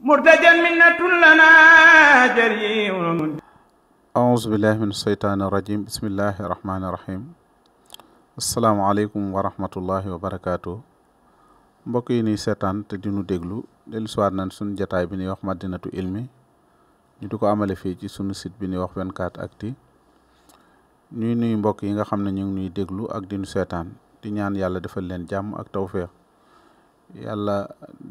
murtajan minnatun lana jariun auzu billahi min seytaani rajim bismillahi wa rahmatullahi wa mbokk yi nuy seetaan te di nu déglu dellu siwaat nañ suñu jataay bi ñuy wax madinatu ilmi ñu di ko amale fii ci sunu sit bi ñuy wax 24 actu ñuy nuyu mbokk yi nga xam ne ñu ngi nuy déglu ak di seetaan di ñaan yàlla defal leen jàmm ak tawféex yàlla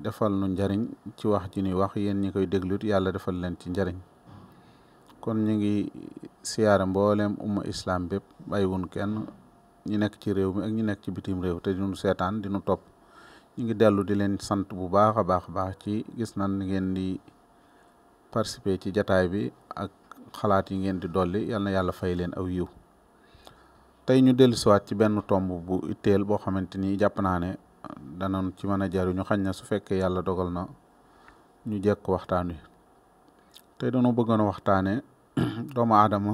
defal nu njariñ ci wax ci ñuy wax yéen ñi koy déglut yàlla defal leen ci njariñ kon ñu ngi siyaare mboolem umma islam bépp bàyyiwun kenn ñi nekk ci réew mi ak ñi nekk ci bitim réew te dinu seetaan dinu topp ñu ngi dellu di leen sant bu baax a baax a baax ci gis nan ngeen di participer ci jataay bi ak xalaat yi ngeen di dolli yal na yàlla fay leen aw yiw tey ñu dellusiwaat ci benn tomb bu itteel boo xamante ni jàpp naa ne danoon ci mën a jariñu xañ na su fekkee yàlla dogal na ñu jekk waxtaan wi tey dañoo bëggoon waxtaane doomu aadama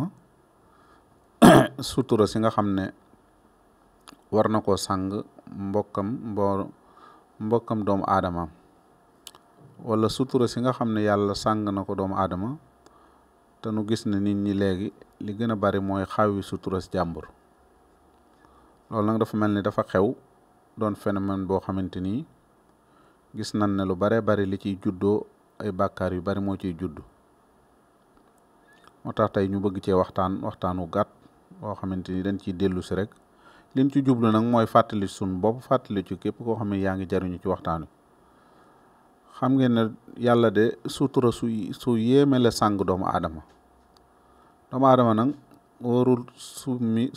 sutura si nga xam ne war na koo sàng mbokkam mbo doomu aadama wala sutura si nga xam ne yàlla sàng na ko doomu aadama te nu gis na nit ñi léegi li gën a bari mooy xawi sutura si jàmbur loolu nag dafa mel ni dafa xew doon phénomène boo xamante ni gis nañ ne lu bare bari li ciy juddoo ay bàkkaar yu bari moo ciy judd moo tax tey ñu bëgg cee waxtaan waxtaanu wu boo xamante ni dañ ciy dellu rek liñ ci jublu nag mooy fàttali sun bopp fàttali ci képp koo xam ne yaa ngi jariñu ci waxtaan xam ngeen yàlla de sutura su su yéeme la sàng doomu aadama doomu aadama nag warul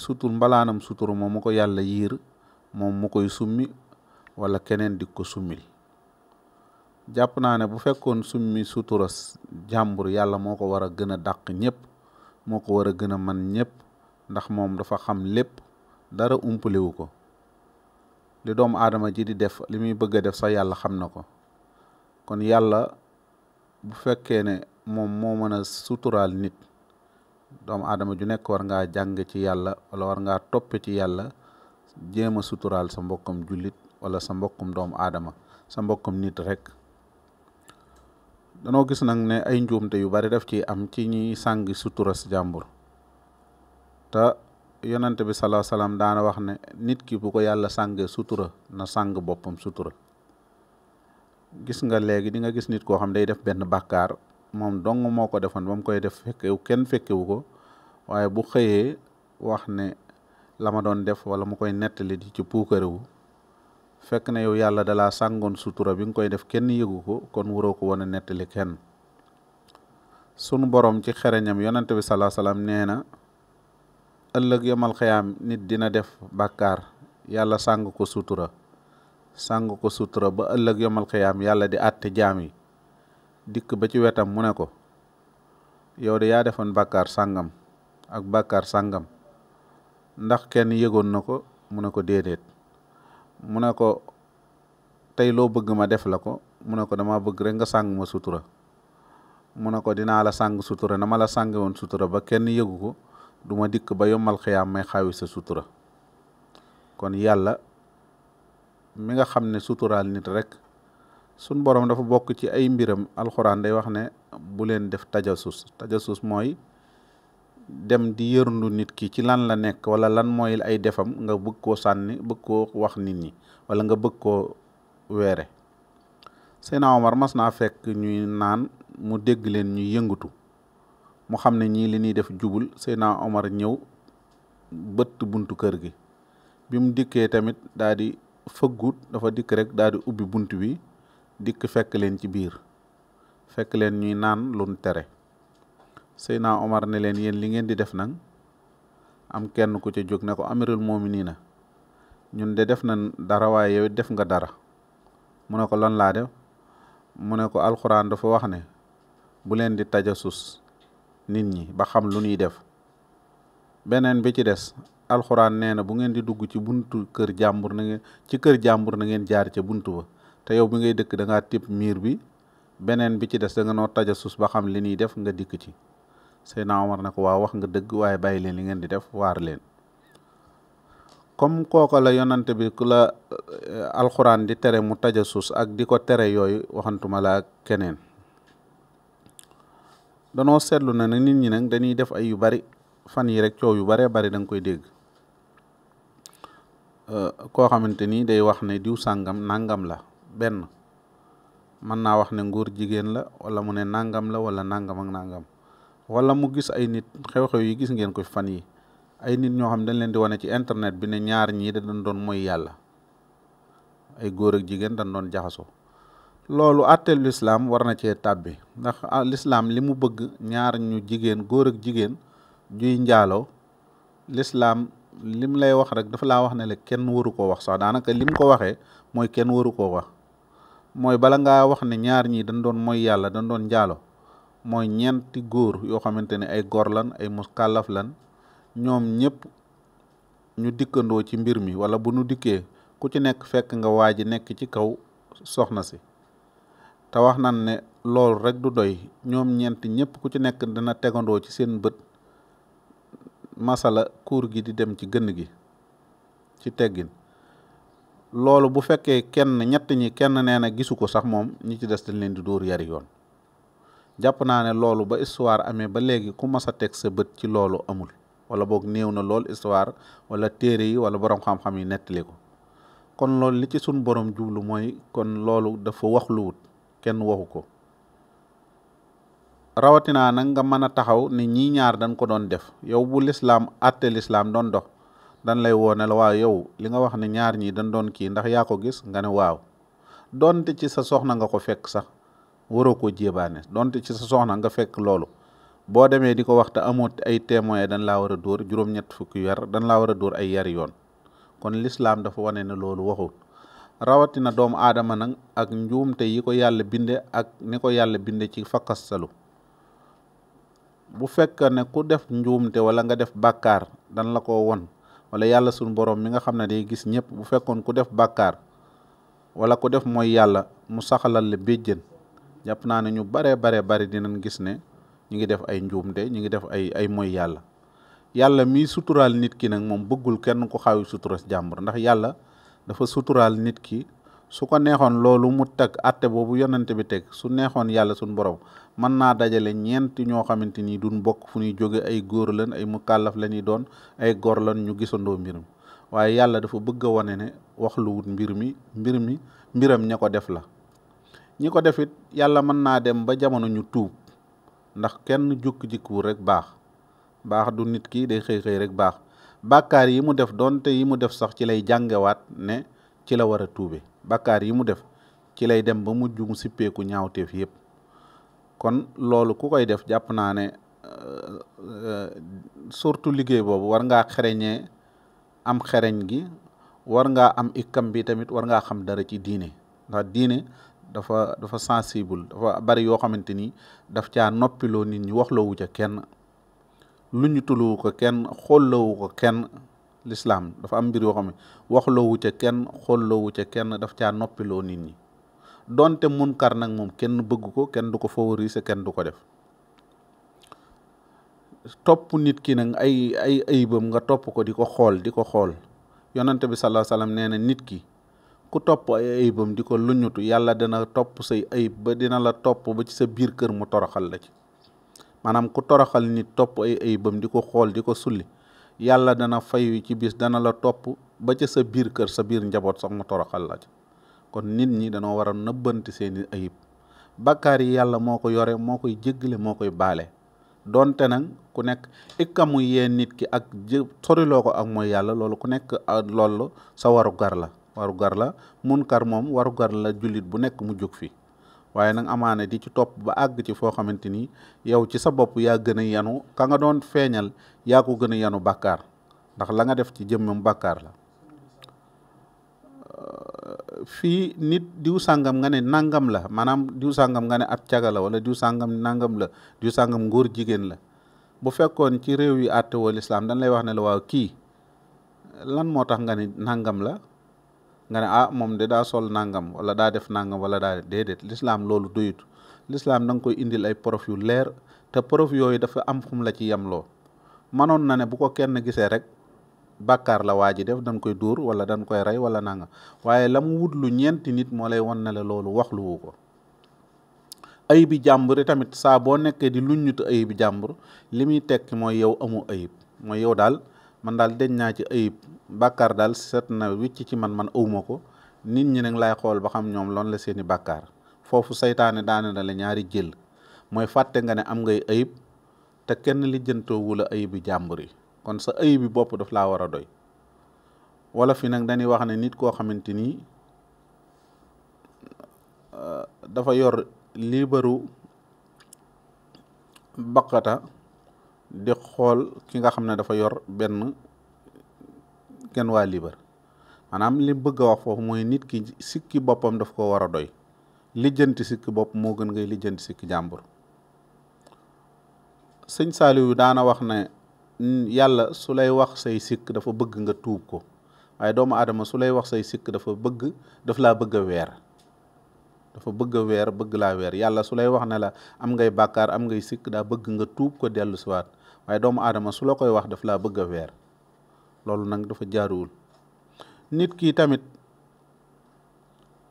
sutur mbalaanam sutura moom mu ko yàlla yiir moom mu koy summi walla keneen di ko summil jàpp naa ne bu fekkoon summi sutura jàmbur yàlla moo ko war a gën a dàq ñëpp moo ko war a gën a man ñëpp ndax moom dafa xam lépp dara umpalewu ko li doomu aadama ji di def li muy bëgg a def sax yàlla xam na ko kon yàlla bu fekkee ne moom moo mën a suturaal nit doomu aadama ju nekk war ngaa jàng ci yàlla wala war ngaa toppe ci yàlla jéem a suturaal sa mbokkam julit wala sa mbokkum doomu aadama sa mbokkum nit rek danoo gis nag ne ay njuumte yu bari daf ci am ci ñi sàngi sutura si jàmbur te yonante bi salaa salaam daana wax ne nit ki bu ko yàlla sàngee sutura na sàng boppam sutura gis nga léegi di nga gis nit koo xam day def benn bakkaar moom dong moo ko defoon ba koy def fekkewu kenn fekkewu ko waaye bu xëyee wax la ma doon def wala mu koy nettali di ci puukarewu fekk na yow yàlla dalaa sàngoon sutura bi nga koy def kenn yëgu ko kon waroo ko wan a nettali kenn sunu borom ci xereñam yonante bi salaa salaam nee na ëllëg yamal xayaam nit dina def bàkkaar yàlla sàng ko sutura sàng ko sutura ba ëllëg yamal xayaam yàlla di àtte jaam yi dikk ba ci wetam mu ne ko yow de yaa defoon bàkkaar sàngam ak bàkkaar sàngam ndax kenn yëgoon na ko mu ne ko déedéet mu ne ko tey loo bëgg ma def la ko mu ne ko dama bëgg rek nga sàng ma sutura mu ne ko dinaa la sàng sutura na ma la sànge woon sutura ba kenn yëgu ko du ma dikk ba yombal xiyaam may xaawi sa sutura kon yàlla mi nga xam ne suturaal nit rek sun borom dafa bokk ci ay mbiram alxuraan day wax ne bu leen def tajasus tajasus mooy dem di yërndu nit ki ci lan la nekk wala lan mooy ay defam nga bëgg koo sànni bëgg koo wax nit ñi wala nga bëgg koo weere Seydina Omar mas naa fekk ñuy naan mu dégg leen ñu yëngatu mu xam ne ñii li ñuy def jubul Seydina Omar ñëw bëtt buntu kër gi bi mu dikkee tamit daa di fëggut dafa dikk rek daa di ubbi bunt bi dikk fekk leen ci biir fekk leen ñuy naan luñ tere Seydina Omar ne leen yéen li ngeen di def nag am kenn ku ca jóg na ko amirul na ñun de def na dara waaye yow def nga dara mu ne ko lan laa def mu ne ko alxuraan dafa wax ne bu leen di tajasus nit ñi ba xam lu ñuy def beneen bi ci des alxuraan nee na bu ngeen di dugg ci buntu kër jàmbur na ngeen ci kër jàmbur na ngeen jaar ca bunt ba te yow bi ngay dëkk da ngaa miir bi beneen bi ci des da nga noo tajasus ba xam li ñuy def nga dikk ci Seydina Omar na ko waaw wax nga dëgg waaye bàyyi leen li ngeen di def waar leen comme kooka la yonante bi ku eh, alxuraan di tere mu tajassus ak di ko tere yooyu waxantuma la ak keneen danoo seetlu na ne nit ñi nag dañuy def ay yu bari fan yi rek coow yu baree bari da koy dégg eh, koo xamante ni day wax ne diw sàngam nangam la benn mën naa wax ne nguur jigéen la wala mu ne nàngam la wala nàngam ak nàngam wala mu gis ay nit xew-xew yi gis ngeen ko fan yi ay nit ñoo xam dañ leen di wane ci internet bi ne ñaar ñii da dañ doon mooy yàlla ay góor ak jigéen dañ doon jaxasoo loolu àtteel lislaam war na cee tàbbi ndax ah, lislaam li mu bëgg ñaar ñu jigéen góor ak jigéen juy njaaloo lislaam lim lay wax rek dafa laa wax ne la kenn waru koo wax sax daanaka lim ko waxee mooy kenn waru koo wax mooy bala ngaa wax ne ñaar ñii dañ doon mooy yàlla dañ doon njaaloo mooy ñeenti góor yoo xamante ne ay góor lan ay muskàllaf lan ñoom ñëpp ñu dikkandoo ci mbir mi wala bu nu dikkee ku ci nekk fekk nga waa ji nekk ci kaw soxna si te wax nan ne loolu rek du doy ñoom ñeent ñëpp ku ci nekk dina tegandoo ci seen bët masala kuur gi di dem ci gën gi ci teggin loolu bu fekkee kenn ñett ñi kenn nee na gisu ko sax moom ñi ci des dañ leen di dóor yari yoon jàpp naa ne loolu ba histoire amee ba léegi ku mas a teg sa bët ci loolu amul wala boog néew na lool histoire wala téere yi wala boroom xam-xam yi nettali ko kon loolu li ci sun borom jublu mooy kon loolu dafa wax lu wut kenn waxu ko rawatinaa nag nga mën a taxaw ne ñii ñaar dañ ko doon def yow bu lislaam àtte lislaam doon dox dan lay woo ne la waaw yow li nga wax ne ñaar ñii dañ doon kii ndax yaa ko gis nga ne waaw doonte ci sa soxna nga ko fekk sax waroo koo jébaane donte ci sa soxna nga fekk loolu boo demee di ko wax te ay témoin dañ laa war a dóor juróom-ñett fukki yar dan laa war a dóor ay yar yoon kon lislaam dafa wane na loolu waxut rawatina doomu aadama nag ak njuumte yi ko yàlla binde ak ni ko yàlla binde ci salu bu fekk ne ku def njuumte wala nga def bàkkaar dan la ko won wala yàlla suñu borom mi nga xam ne day gis ñëpp bu fekkoon ku def bàkkaar wala ku def mooy yàlla mu saxalal la béjjën jàpp naa ne ñu baree baree bari dinañ gis ne ñu ngi def ay njuumte ñu ngi def ay ay moy yàlla yàlla mii suturaal nit ki nag moom bëggul kenn ku xaawi sutura jàmbur ndax yàlla dafa suturaal nit ki su ko neexoon loolu mu teg atte boobu yonante bi su neexoon yàlla suñ borom mën naa dajale ñeent ñoo xamante ni duñ bokk fu ñuy jóge ay góor lan ay mu la ñuy doon ay góor lan ñu gisandoo mbir mi waaye yàlla dafa bëgg a wane ne wax lu wut mbir mi mbir mi mbiram ña ko def la ñi ko defit yàlla mën naa dem ba jamono ñu tuub ndax kenn jukki jikkuwul rek baax baax du nit ki day xëy xëy rek baax bakkaar yi mu def doonte yi mu def sax ci lay jàngewaat ne ci la war a tuube bakkaar yi mu def ci lay dem ba mujj mu sippeeku teef yépp kon loolu ku koy def jàpp naa ne euh, euh, surtout liggéey boobu war ngaa xereñee am xereñ gi war ngaa am ikkam bi tamit war ngaa xam dara ci diine ndax diine dafa dafa sensible dafa bari yoo xamante ni daf caa noppiloo nit ñi waxloowu ca kenn lu ñu tuluwu ko kenn xolloowu ko kenn lislaam dafa am mbir yoo xam ne waxloowu ca kenn xolloowu ca kenn daf caa noppiloo nit ñi donte mun kar nag moom kenn bëgg ko kenn du ko favoriser kenn du ko def topp nit ki nag ay ay ayibam nga topp ko di ko xool di ko xool yonante bi sallallahu alayhi wasallam nee na nit ki ku topp ay ayibam di ko luñutu yàlla dina topp say ayib ba dina la topp ba ci sa biir kër mu toroxal la ci maanaam ku toroxal nit topp ay ayibam di ko xool di ko sulli yàlla dana fayu ci bis dana la topp ba ca sa biir kër sa biir njaboot sax mu toroxal la ci kon nit ñi danoo war a nëbbanti seeni ayib bakkaar yàlla moo ko yore moo koy jéggale moo koy baale donte nag ku nekk ikkamu yee nit ki ak jë soriloo ko ak mooy yàlla loolu ku nekk ah, loolu sa waru gar la warugar la mun munkar moom warugar la jullit bu nekk mu jóg fi waaye nag amaane di ci topp ba àgg ci foo xamante ni yow ci sa bopp yaa gën a yanu ka nga doon feeñal yaa ko gën a yanu bàkkaar ndax la nga def ci jëmmam bàkkaar la fii nit diw sàngam nga ne nangam la maanaam diw sàngam nga ne ab caga la wala diw sàngam nangam la diw sàngam ngóor jigéen la bu fekkoon ci réew yi àtte woo lislaam dañ lay wax ne la waaw kii lan moo tax nga ne nangam la nga ne ah moom de daa sol nangam wala daa def nangam wala daa déedéet lislaam loolu doyut lislaam da nga koy indil ay prof yu leer te prof yooyu dafa am xum la ci yemloo manoon na ne bu ko kenn gisee rek bakkaar la waa ji def danga koy duur wala dañ koy rey wala nangam waaye la mu wut lu ñeenti nit moo lay wan ne la loolu wax luwu ko ayib bi jàmbur tamit saa boo nekkee di luññutu ayib bi jàmbur li muy tekki mooy yow amu ayib mooy yow daal man daal deñ naa ci ayib bàkkaar daal seet na wicc ci man man awma ko nit ñi nag laay xool ba xam ñoom loolu la seeni bàkkaar foofu saytaane daane na la ñaari jël mooy fàtte nga ne am ngay ayib te kenn lijjantoowu la ayibi jàmbur kon sa ayibi bopp daf laa war a doy wala fi nag dañuy wax ne nit koo xamante ni euh, dafa yor liibaru baqata di xool ki nga xam ne dafa yor benn kenn waa liibar maanaam li bëgg a wax foofu mooy nit ki sikki boppam daf ko war a doy lijjanti sikki bopp moo gën ngay lijjanti sikki jàmbur sëñ Saaliw daana wax na yàlla su lay wax say sikk dafa bëgg nga tuub ko waaye doomu aadama su lay wax say sikk dafa bëgg daf laa bëgg a weer dafa bëgg a weer bëgg laa weer yàlla su lay wax ne la am ngay bàkkaar am ngay sikk daa bëgg nga tuub ko dellu siwaat waaye doomu aadama su la koy wax daf laa bëgg a weer loolu nag dafa jaaruwul nit kii tamit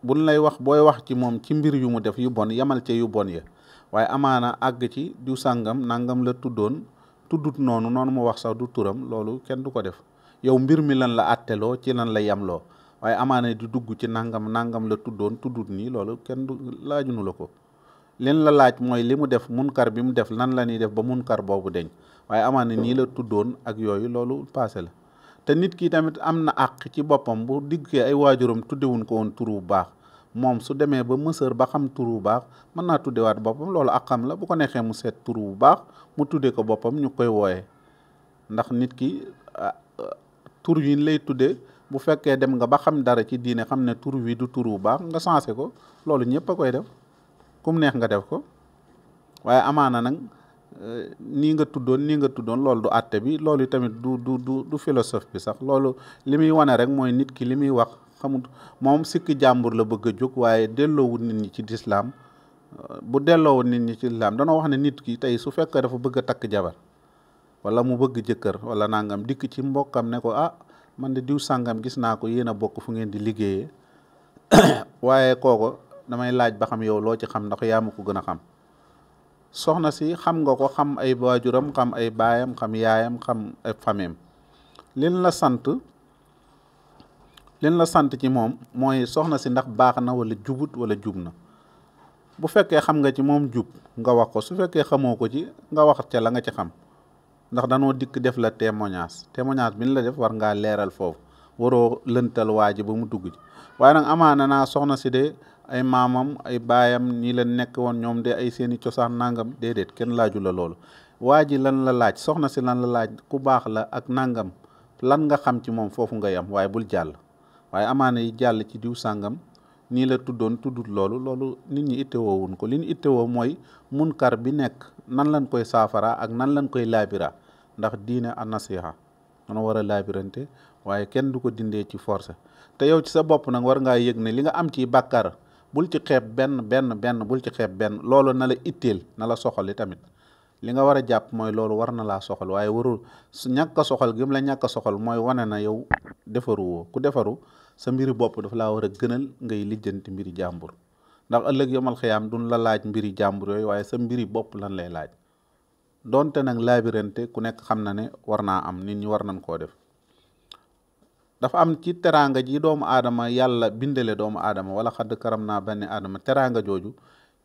buñ lay wax booy wax ci moom ci mbir yu mu def yu bon yamal ci yu bon ya waaye amaana àgg ci diw sàngam nangam la tuddoon tuddut noonu noonu mu wax sax du turam loolu kenn du ko def yow mbir mi lan la àtteloo ci lan la yamloo waaye amaana di dugg ci nangam nangam la tuddoon tuddut nii loolu kenn du laajunu la ko leen la laaj mooy li mu def munkar bi mu def nan la def ba munkar boobu deñ waaye amaan na nii la tuddoon ak yooyu loolu passé la te nit kii tamit am na àq ci boppam bu diggee ay waajuram tuddewuñ ko woon tur turu baax moom su demee ba mësër ba xam turu baax mën naa tuddewaat boppam loolu àqam la bu ko neexee mu seet turu bu baax mu tuddee ko boppam ñu koy wooyee ndax nit ki ah, tur yi lay tuddee bu fekkee dem nga ba xam dara ci diine xam ne tur wi du tur turu baax nga sensé ko loolu ñëpp a koy def kum neex nga def ko waaye amaana nag Euh, nii nga tuddoon nii nga tuddoon loolu du àtte bi loolu tamit du du du du philosophe bi sax loolu li muy wane rek mooy nit ki li muy wax xamut moom sikki jàmbur la bëgg a jóg waaye delloowul nit ñi ci lislaam euh, bu delloo nit ñi ci lislaam danoo wax ne nit ki tey su fekkee dafa bëgg a takk jabar wala mu bëgg jëkkër wala nangam dikk ci mbokkam ne ko ah man de diw sàngam gis naa ko yéen a bokk fu ngeen di liggéeyee waaye kooko damay laaj ba xam yow loo ci xam ndax yaa ma ko gën a xam soxna si xam nga ko xam ay waajuram xam ay baayam xam yaayam xam ay famem lin la sant lin la sant ci moom mooy soxna si ndax baax na wala jubut wala jub na bu fekkee xam nga ci moom jub nga wax ko su fekkee xamoo ko ci nga wax ca la nga ci xam ndax danoo dikk def la témoignage témoignage bi ñu la def war ngaa leeral foofu waroo lëntal waa ji ba mu dugg ci waaye nag amaana naa soxna si de ay maamam ay baayam ñi leen nekk woon ñoom de ay seeni cosaan nangam déedéet kenn laaju la loolu waa ji lan la laaj soxna si lan la laaj ku baax la ak nangam lan nga xam ci moom foofu ngay am waaye bul jàll waaye amaana yi jàll ci diw sàngam nii la tuddoon tuddut loolu loolu nit ñi ittewoo wuñ ko li ñu ittewoo mooy munkar bi nekk nan lañ koy saafara ak nan lañ koy laabira ndax diine a nasiha dana war a laabirante waaye kenn du ko dindee ci force te yow ci sa bopp nag war ngaa yëg ne li nga am ci bàkkaar bul ci xeeb benn benn benn bul ci xeeb benn loolu na la itteel na la soxal tamit li nga war a jàpp mooy loolu war na laa soxal waaye warul ñàkk a soxal gim la ñàkk a soxal mooy wane na yow defaru woo ku defaru sa mbiri bopp daf laa war a gënal ngay lijjanti mbiri jàmbur ndax ëllëg yomal xiyaam duñ la laaj mbiri jàmbur yooyu waaye sa mbiri bopp lan lay laaj donte nag laabirante ku nekk xam na ne war naa am nit ñi war nañ koo def dafa am ci teraanga ji doomu aadama yàlla bindale doomu aadama wala xadd karam naa benn aadama teraanga jooju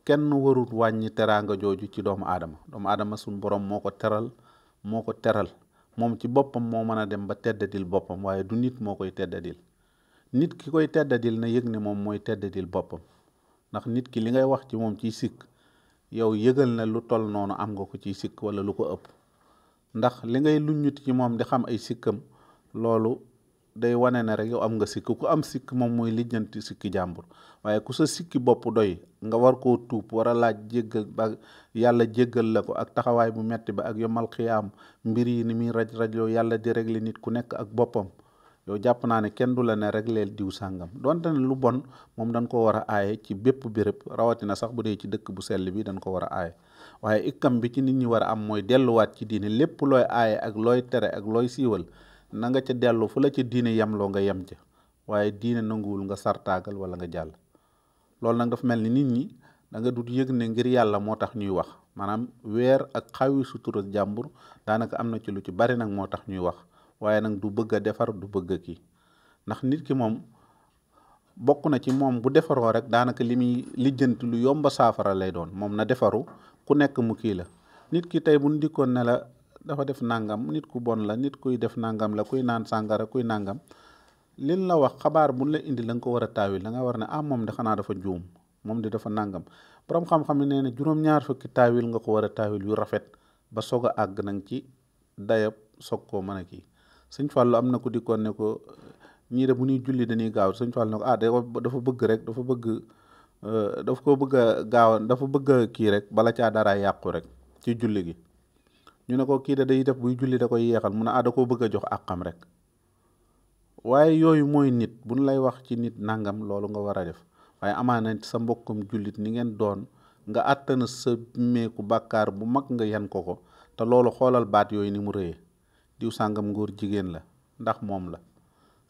kenn warut wàññi teraanga jooju ci doomu aadama doomu aadama suñ borom moo ko teral moo ko teral moom ci boppam moo mën a dem ba teddadil boppam waaye du nit moo koy teddadil nit ki koy teddadil na yëg ne moom mooy teddadil boppam ndax nit ki li ngay wax ci moom ciy sikk yow yëgal na lu toll noonu am nga ko ciy sikk wala lu ko ëpp ndax li ngay luññut ci moom di xam ay sikkam day wane na rek yow am nga sikk ku am sikk moom mooy lijjanti sikki jàmbur waaye ku sa sikki bopp doy nga war koo tuub war a laaj jéggal ba yàlla jéggal la ko ak taxawaay bu metti ba ak yomal xiyaam mbir yi ni muy raj rajloo yàlla di nit ku nekk ak boppam yow jàpp naa ne kenn du la ne rek leen diw sàngam donte ne lu bon moom dañ ko war a aaye ci bépp béréb rawatina sax bu dee ci dëkk bu sell bi dañ ko war a aaye waaye ikkam bi ci nit ñi war a am mooy delluwaat ci diine lépp looy aaye ak looy tere ak looy siiwal na nga ca dellu fu la ca diine yemloo nga yem ca waaye diine nanguwul nga sartaagal wala nga jàll loolu nag dafa mel ni nit ñi da nga dut yëg ne ngir yàlla moo tax ñuy wax maanaam weer ak xawi sutura jàmbur daanaka am na ci lu ci bari nag moo tax ñuy wax waaye nag du bëgg a defar du bëgg ki ndax nit ki moom bokk na ci moom bu defaroo rek daanaka li muy lijjanti lu yomba saafara lay doon moom na defaru ku nekk mu kii la nit ki tey bu ñu dikkoon la dafa def nangam nit ku bon la nit kuy def nangam la kuy naan sàngara kuy nangam lin la wax xabaar buñ la indi la nga ko war a taawil da nga war ne ah moom de xanaa dafa juum moom de dafa nangam borom xam-xam nee na juróom-ñaar fukki taawil nga ko war a taawil yu rafet ba soog a àgg nañ ci dayab soog koo mën a kii sëñ Fallou am na ku dikkoon ne ko ñii bu ñuy julli dañuy gaaw sëñ Fallou ne ko ah dafa bëgg rek dafa bëgg euh, daf ko bëgg a dafa bëgg kii rek bala caa dara yàqu rek ci julli gi. ñu ne ko kii da day def buy julli da koy yeexal mu ne ah da bëgg a jox àqam rek waaye yooyu mooy nit bu ñu lay wax ci nit nangam loolu nga war a def waaye amaana sa mbokkum jullit ni ngeen doon nga àttana sa meeku bàkkaar bu mag nga yan ko ko te loolu xoolal baat yooyu ni mu rëyee diw sàngam ngóor jigéen la ndax moom la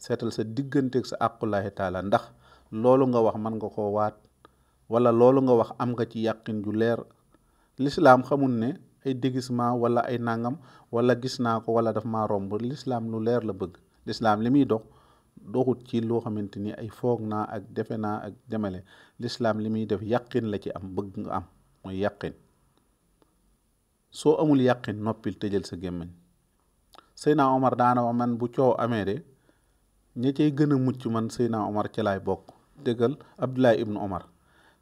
seetal sa digganteeg sa àqulaahi ndax loolu nga wax mën nga koo waat wala loolu nga wax am nga ci yàqin ju leer lislaam xamul ne ay déguisement wala ay nangam wala gis naa ko wala daf maa romb lislaam lu leer la bëgg lislaam li muy dox doxut ci loo xamante ni ay foog naa ak defe naa ak demale lislaam li muy def yàqin la ci am bëgg nga am mooy yàqin soo amul yàqin noppil tëjal sa gémmiñ Seydina Omar daana man bu coow amee de ña cay gën a mucc man Seydina Omar ci bokk dëgal Abdullah ibnu Omar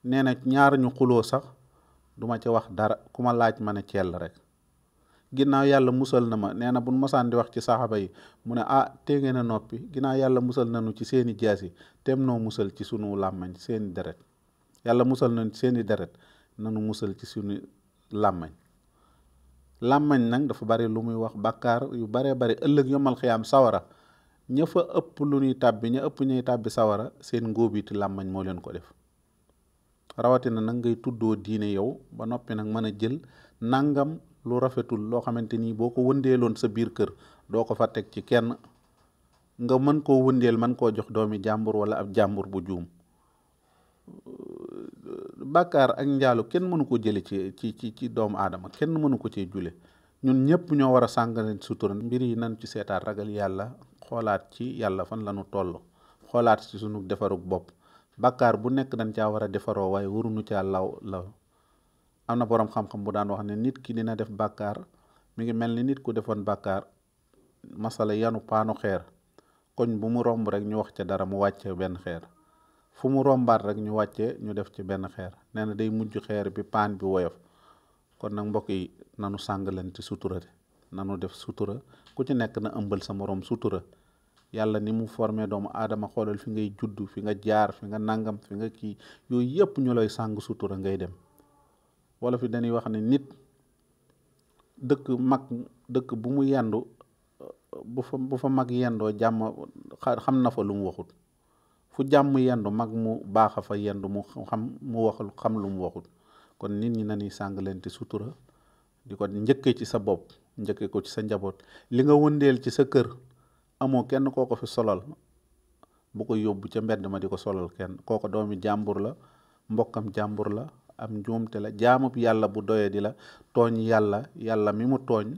nee na ñaar ñu xuloo sax duma ci wax dara ku ma laaj ma ne ceel rek ginnaaw yàlla musal na ma nee na bu nu mosaan di wax ci saxaba yi mu ne ah tee ngeen noppi ginnaaw yàlla musal nañu ci seeni jaas yi teem noo musal ci sunu làmmañ seeni deret yàlla musal nañu ci seeni deret nanu musal ci sunu làmmañ làmmañ nag dafa bari lu muy wax bàkkaar yu baree bari ëllëg yomal xiyaam sawara ña fa ëpp lu ñuy tàbbi ña ëpp ñuy tàbbi sawara seen ngóobiti làmmañ moo leen ko def rawatina nag ngay tuddoo diine yow ba noppi nag mën a jël nangam lu rafetul loo xamante ni boo ko wëndeeloon sa biir kër doo ko fa teg ci kenn nga mën koo wëndeel mën koo jox doomi jàmbur wala ab jàmbur bu juum bàkkaar ak njaalu kenn mënu ko jële ci ci ci ci doomu aadama kenn mënu ko cee jule ñun ñëpp ñoo war a sàngane sutura mbir yi nan ci seetaan ragal yàlla xoolaat ci yàlla fan la ñu toll xoolaat ci sunu defarug bopp bàkkaar bu nekk dañ caa war a defaroo waaye waru waruñu caa law law am na boroom xam-xam bu daan wax ne nit ki dina def bàkkaar mu ngi mel ni nit ku defoon bàkkaar masala yanu paanu xeer koñ bu mu romb rek ñu wax ca dara mu wàcce benn xeer fu mu rombaat rek ñu wàcce ñu def ci benn xeer nee na day mujj xeer bi paan bi woyof kon nag mbokk yi nanu sàng leen ci sutura nanu def sutura ku ci nekk na ëmbal sa moroom sutura yàlla ni mu formé doomu aadama xoolal fi ngay judd fi nga jaar fi nga nangam fi nga kii yooyu yëpp ñu lay sàng sutura ngay dem wala fi dañuy wax ne nit dëkk mag dëkk bu mu yendu bu mag yendoo jàmm xam na fa lu mu waxut fu jàmm yendu mag mu baax a fa yendu mu xam mu waxul xam lu mu waxut kon nit ñi nañuy sàng leen ci sutura di ko njëkkee ci sa bopp njëkkee ko ci sa njaboot li nga wëndeel ci sa kër amoo kenn koo ko fi solal bu ko yóbbu ca mbedd ma di ko solal kenn kooko doomi jàmbur la mbokkam jàmbur la am njuumte la jaamub yàlla bu doye di la tooñ yàlla yàlla mi mu tooñ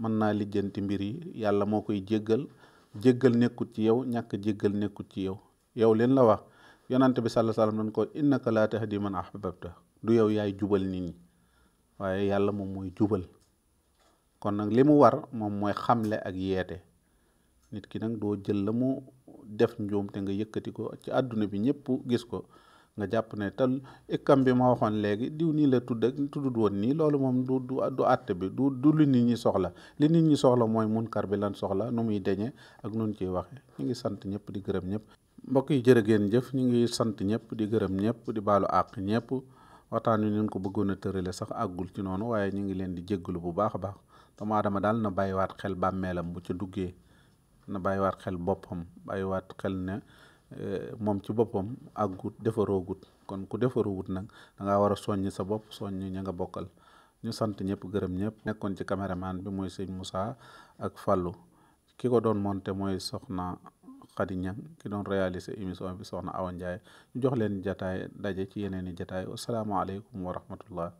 mën naa lijjanti mbir yi yàlla moo koy jéggal jéggal nekkut ci yow ñàkk jéggal nekkut ci yow yow leen la wax yonante bi sàlla salaam dañ ko innaka laa tahdi man du yow yaay jubal nit waaye yàlla moom mooy jubal kon nag li mu war moom mooy xamle ak yeete nit ki nag doo jël la mu def njuum te nga yëkkati ko ci àdduna bi ñëpp gis ko nga jàpp ne te ikkam bi ma waxoon léegi diw nii la tudd ak tuddut woon nii loolu moom du du du bi du du lu ñi soxla li nit ñi soxla mooy mun munkar bi lan soxla nu muy deñe ak nun ciy waxe ñu ngi sant ñëpp di gërëm ñëpp mbokk yi jërë ngeen jëf ñu ngi sant ñëpp di gërëm ñëpp di baalu àq ñëpp waxtaan wi leen ko bëggoon a tërale sax àggul ci noonu waaye ñu ngi leen di jéggalu bu baax a baax doomu aadama daal na bàyyiwaat xel bàmmeelam bu ca duggee na bàyyiwaat xel boppam bàyyiwaat xel ne eh, moom ci boppam àggut defaroogut kon ku defaroogut nag da ngaa war a soññ sa bopp soññ ña nga bokkal ñu sant ñëpp gërëm ñëpp nekkoon ci caméraman bi mooy sëñ Moussa ak Fallou ki ko doon monte mooy soxna Khady Niang ki doon réalisé émission bi soxna Awa Ndiaye ñu jox jataay daje ci yeneen i jataay asalaamaaleykum wa rahmatullah